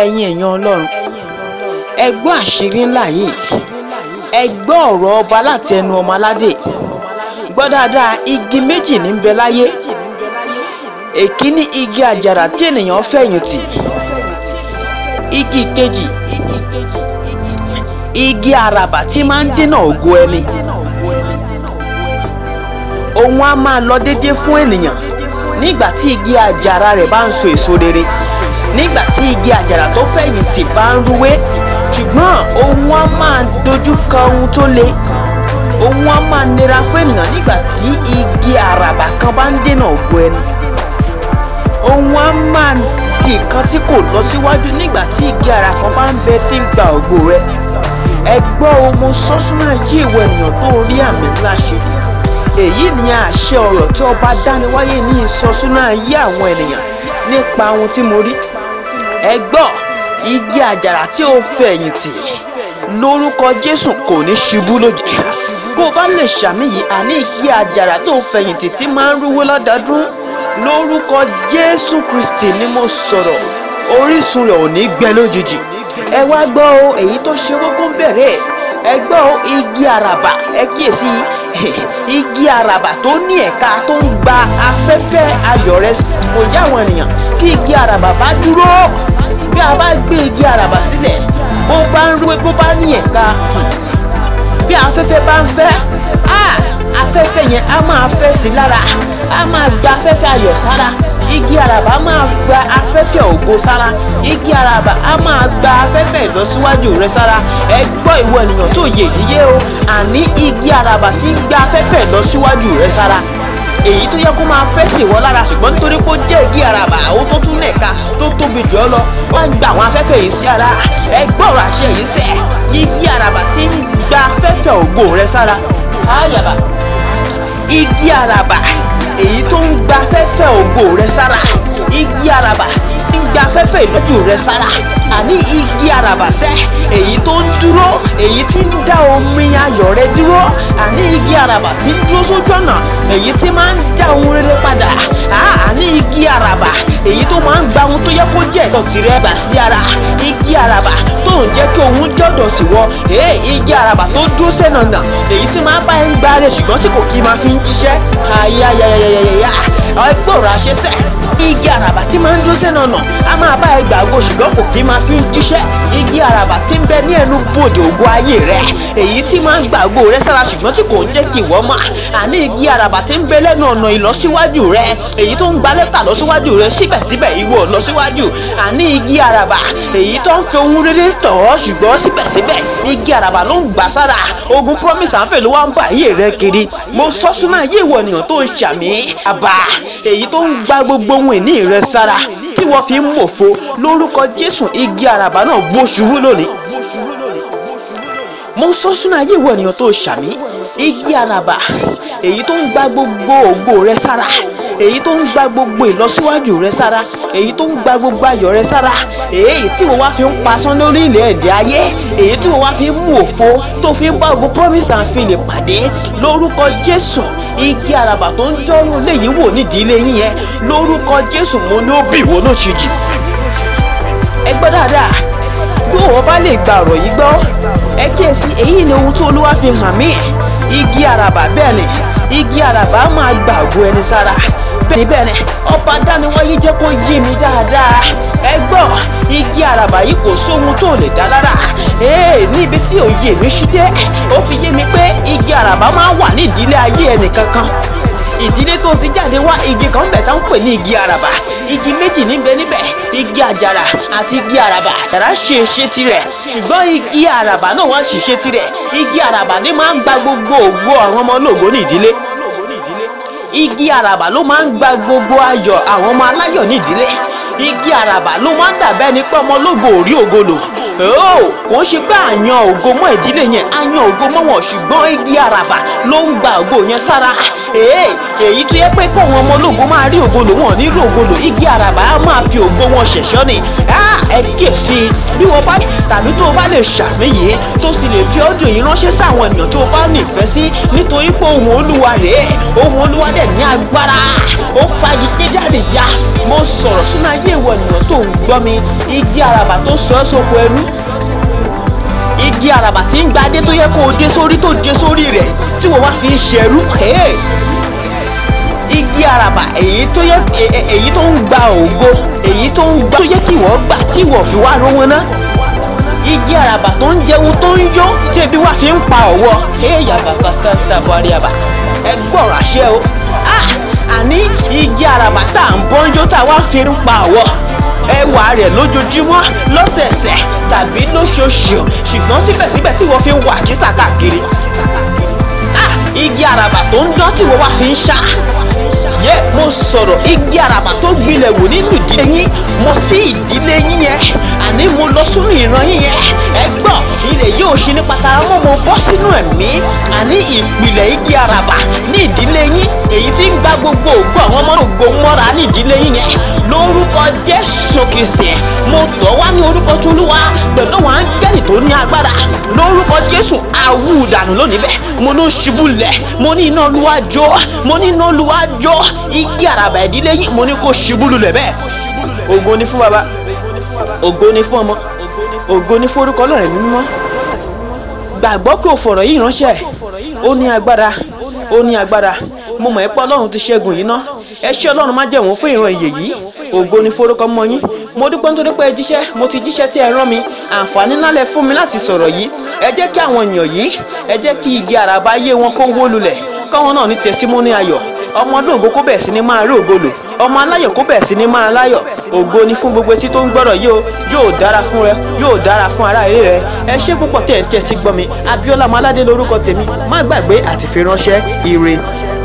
ẹ̀yin èèyàn ọlọ́run ẹ asiri àṣírí ńlá yìí ẹ ọ̀rọ̀ ọba láti ẹnu ọmọ aládé gbọ́ igi méjì ní bẹ láyé èkíní igi àjàrà tí ènìyàn fẹ̀yìntì igi kejì igi àràbà tí máa ń dènà ògo ẹni òun á máa lọ déédéé fún ènìyàn nígbà tí igi àjàrà rẹ̀ bá ń so èso rere. nígbà tí igi àjàrà tó fẹ̀yìntì bá ń rúwé ṣùgbọ́n òun á máa dojú kọ ohun tó le òun á máa nira fún ènìyàn nígbà tí igi àràbà kan bá ń dènà ògo ẹni òun á máa di nǹkan tí kò lọ síwájú nígbà tí igi àrà kan bá ń bẹ tí ń gba ògo rẹ ẹgbọ́ ohun sọ́súnà yí ìwọ ènìyàn tó rí àmì ńlá èyí ni àṣẹ ọ̀rọ̀ tí ọba dániwáyé ní ìsọsúnà yí àwọn ènìyàn nípa ohun tí mo rí ẹ gbọ́ igi àjàrà tí ó fẹ̀yìntì lórúkọ jésù kò ní ṣubú lójijì kó o bá lè ṣàmì àní igi àjàrà tó fẹ̀yìntì tí máa ń rúwó lọ́dọọdún lórúkọ jésù kristi ni mo sọ̀rọ̀ orísun rẹ̀ ò ní gbẹ lójijì ẹ wá gbọ́ o èyí tó ṣe kókó ń bẹ̀rẹ̀ ẹ gbọ́ o igi àràbà ẹ kíyèsí igi àràbà tó ní ẹ̀ka tó ń gba afẹ́fẹ́ ayọ̀ rẹ̀ kò yá àwọn ènìyàn kí igi àràbà bá dúró bó bá ní ẹ̀ka bí afẹ́fẹ́ bá ń fẹ́ afẹ́fẹ́ yẹn á máa fẹ́ lára á máa gba afẹ́fẹ́ ayọ̀ sára igi àràbà á máa gba afẹ́fẹ́ ògo sára igi àràbà á máa gba afẹ́fẹ́ ìlọsíwájú rẹ sára ẹ gbọ́ ìwọ ènìyàn tó yè yíyé o àní igi àràbà ti ń gba afẹ́fẹ́ ìlọsíwájú rẹ sára èyí tó yẹ kó máa fẹ́ ìwọ lára ṣùgbọ́n nítorí pé ó jẹ́ igi àràbà ó tó tún nẹ̀ka tóbi jù ọ́ lọ wọ́n ń gba àwọn afẹ́fẹ́ yìí sí ara ẹgbẹ́ ọ̀rọ̀ àṣẹ yìí sẹ́ yí bí àràbà ti ń gba afẹ́fẹ́ ògo rẹ sára àyàbà igi àràbà èyí tó ń gba afẹ́fẹ́ ògo rẹ sára igi àràbà ti ń gba afẹ́fẹ́ ìlọ́jú rẹ sára àní igi àràbàṣẹ èyí tó ń dúró èyí tí ń dá omi ayọ̀ rẹ dúró àní igi àràbà tí ń dúró sójú ọ̀nà èyí tí máa ń já ohun rere padà àní igi àràbà èyí tó máa ń gba ohun tó yẹ kó jẹ́ ẹ̀tọ́ tirẹ̀ bà sí ara igi àràbà tó ń jẹ́ kí ohun jọ̀dọ̀ sí wọ ee igi àràbà tó dúró sẹ́nànà èyí tí máa bá ẹni gba rẹ̀ ṣùgbọ́n tí kò kí máa fi ń jíṣẹ́ ayayayayaya ẹgbọ́ra ṣẹṣẹ igi àràbà tí máa ń dúró sẹ́nànà a máa bá ẹgbàá máa fi ń jíṣẹ́ igi àràbà tí ń bẹ ní ẹnu bòdè ògo ayé rẹ èyí tí máa ń gbàgbó rẹ sára ṣùgbọ́n tí kò ń jẹ́ kí ìwọ mọ̀ àní igi àràbà tí ń bẹ lẹ́nu ọ̀nà ìlọsíwájú rẹ èyí tó ń gba lẹ́tà lọ́síwájú rẹ síbẹ̀síbẹ̀ ìwọ lọ́síwájú àní igi àràbà èyí tó ń fi ohun rere tọ̀ ọ́ ṣùgbọ́n síbẹ̀síbẹ̀ igi àràbà ló ń gbà sára ogun promise àǹfẹ̀ ló wá ń bá ayé rẹ kiri mo sọ súnmọ́ ayé ìwọ ènìyàn tó ń ṣàmì àbá èyí tó ń gba gbogbo ohun ìní rẹ sára wọ́n fi ń mòfo lórúkọ Jésù igi àràbà náà bó ṣubú lónìí mo sọ sínú ayé ìwọ ènìyàn tó ṣàmì igi àràbà èyí tó ń gba gbogbo ògo rẹ sára èyí tó ń gba gbogbo ìlọsíwájú rẹ sára èyí tó ń gba gbogbo ayọ̀ rẹ sára èyí tí wọ́n wá fi ń pasán lórí ilẹ̀ èdè ayé èyí tí wọ́n wá fi ń mú òfo tó fi ń bá ògo promise and fail pàdé lórúkọ Jésù igi àràbà tó ń jọ́rú léyìí wò nídìí ilé yín yẹn lórúkọ Jésù mo ní ó bì wọ́n lójijì ẹ gbọ́ dáadáa bí òun bá lè gba ọ̀rọ̀ yìí gbọ́ ẹ kíyèsí èyí ni ohun tí Olúwa fi hàn mí igi àràbà bẹ́ẹ̀ ni àràbà máa gbàgbó ẹni sára bẹ́ẹ̀ni bẹ́ẹ̀ni ọba dániwáyé jẹ́ kó yé mi dáadáa ẹ gbọ́ igi àràbà yìí kò sóhun tó lè dá lára níbi tí òye mi ṣí dé ó fi yé mi pé igi àràbà máa wà ní ìdílé ayé ẹnìkankan ìdílé tó ti jáde wá igi kan bẹ̀ tá ń pè ní igi àràbà igi méjì níbẹ̀ níbẹ̀ igi àjàrà àti igi àràbà àjàrà ṣe ṣe tirẹ̀ ṣùgbọ́n igi àràbà náà wá ṣiṣẹ́ tirẹ̀ igi àràbà ni máa ń gba gbogbo ògbó àwọn ọmọ ológo ní ìdílé igi àràbà ló máa ń gba gbogbo ayọ̀ àwọn ọmọ aláyọ̀ nídìílé igi àràbà ló máa ń dàbẹ́ ni pé ọmọ ológo ò rí ògo lò kò ń ṣe pé àyàn ògo mọ́ ìdílé yẹn àyàn ògo mọ́ wọn ṣùgbọ́n igi àràbà ló ń gba ògo yẹn sára èyí tó yẹ pé kọ́wọn ọmọ ológo máa rí ògo lò wọ́n nírú ògo lò igi àràbà á máa fi ògo wọn ṣẹ̀ṣọ́ ni ẹ kíyèsí bí wọ́n bá tàbí tó o bá lè ṣàmì yìí tó sì lè fi ọ́dọ̀ yìí ránṣẹ́ sáwọn ènìyàn tó o bá nífẹ̀ẹ́ sí nítorí pé ohùn olúwa rèé ohùn olúwa dẹ̀ ní agbára ó fagi gbé jáde já mo sọ̀rọ̀ sínú ayé ìwọ ènìyàn tó ń gbọ́ mi igi àràbà tó sọ ẹ́ sóko ẹrú igi àràbà tí ń gba adé tó yẹ kó o dé sórí tó dé sórí rẹ̀ tí wọ́n wá fi ń ṣẹ̀rú igi araba èyí tó yẹ e, e, èyí tó ń gba ògo èyí tó ń gba tó yẹ kí wọ́n gbà tí wọ́n fi wá rówó ná igi àràbà tó ń jẹun tó ń yó tí ebi wá fi ń pa ọ̀wọ́ èèyàn bàbá santa buhari àbà ẹ gbọ́rọ̀ àṣẹ o ah! àní igi àràbà tá à ń bọ́njó tá a wá fi ń pa ọ̀wọ́ ẹwà rẹ̀ lójoojúmọ́ lọ́sẹ̀ẹ̀sẹ̀ tàbí lóṣooṣù ṣùgbọ́n síbẹ̀síbẹ̀ tí wọ́n fi ń wà àkísà káàkiri igi àràbà tó ń dán tí wọ́n wá fi ń ṣá yẹ mo sọ̀rọ̀ igi àràbà tó gbilẹ̀ wò nínú ìdílé yín mo sí ìdílé yín yẹn àní mo lọ sínú ìran yín yẹn ẹ gbọ́ kí rẹ̀ yóò ṣe nípa tara mọ́ mo bọ́ sínú ẹ̀mí àní ìpìlẹ̀ igi àràbà ní ìdílé yín èyí tí ń gba gbogbo ògbó àwọn ọmọ ògo mọ́ra ní ìdílé yín yẹn lórúkọ Jésù Kristi ẹ̀ mo tọ̀ wá ní orúkọ t'Olúwa pẹ̀lú àwọn áńgẹ́lì tó ní agbára lórúkọ Jésù awú dànù lónìí bẹ́ẹ̀ mo ló ṣubú lẹ̀ mo ní iná Olúwa jó mo ní iná Olúwa jó igi àràbà ìdílé yín mo ní kó ṣubú lulẹ̀ bẹ́ẹ̀ ògo ni fún baba ògo ni fún ọmọ ògo ní forúkọ Ọlọ́run mi mímọ́ gbàgbọ́ kí o fọ̀rọ̀ yìí ránṣẹ́ ó ní agbára ó ní agbára mo mọ̀ ẹ́ pé Ọlọ́run ti ṣẹ́gun yìí ná ẹ ṣé Ọlọ́run má jẹ̀wọ́n fún ìran ìyè yìí ògo ní forúkọ mọ́ yín mo dúpẹ́ nítorí pé ẹ jíṣẹ́ mo ti jíṣẹ́ tí ẹ rán mi àǹfààní nálẹ̀ fún mi láti sọ̀rọ̀ yìí ẹ jẹ́ kí àwọn ènìyàn yìí ẹ jẹ́ kí igi àràbá yé wọn kó wó lulẹ̀ káwọn náà ní tẹ̀símọ́nì ayọ̀ ọmọ olóògo kó bẹ̀rẹ̀ sí ni máa rí ògo lò ọmọ aláyọ̀ kó bẹ̀rẹ̀ sí ni máa láyọ̀ ògo ni fún gbogbo etí tó ń gbọ́rọ̀ yìí o yóò dára fún rẹ yóò dára fún ará ilé rẹ ẹ ṣé púpọ̀ tẹ̀ ń tẹ̀ ti gbọ́ mi abiola Ọmọládé lórúkọ tèmi má gbàgbé àti fi ire.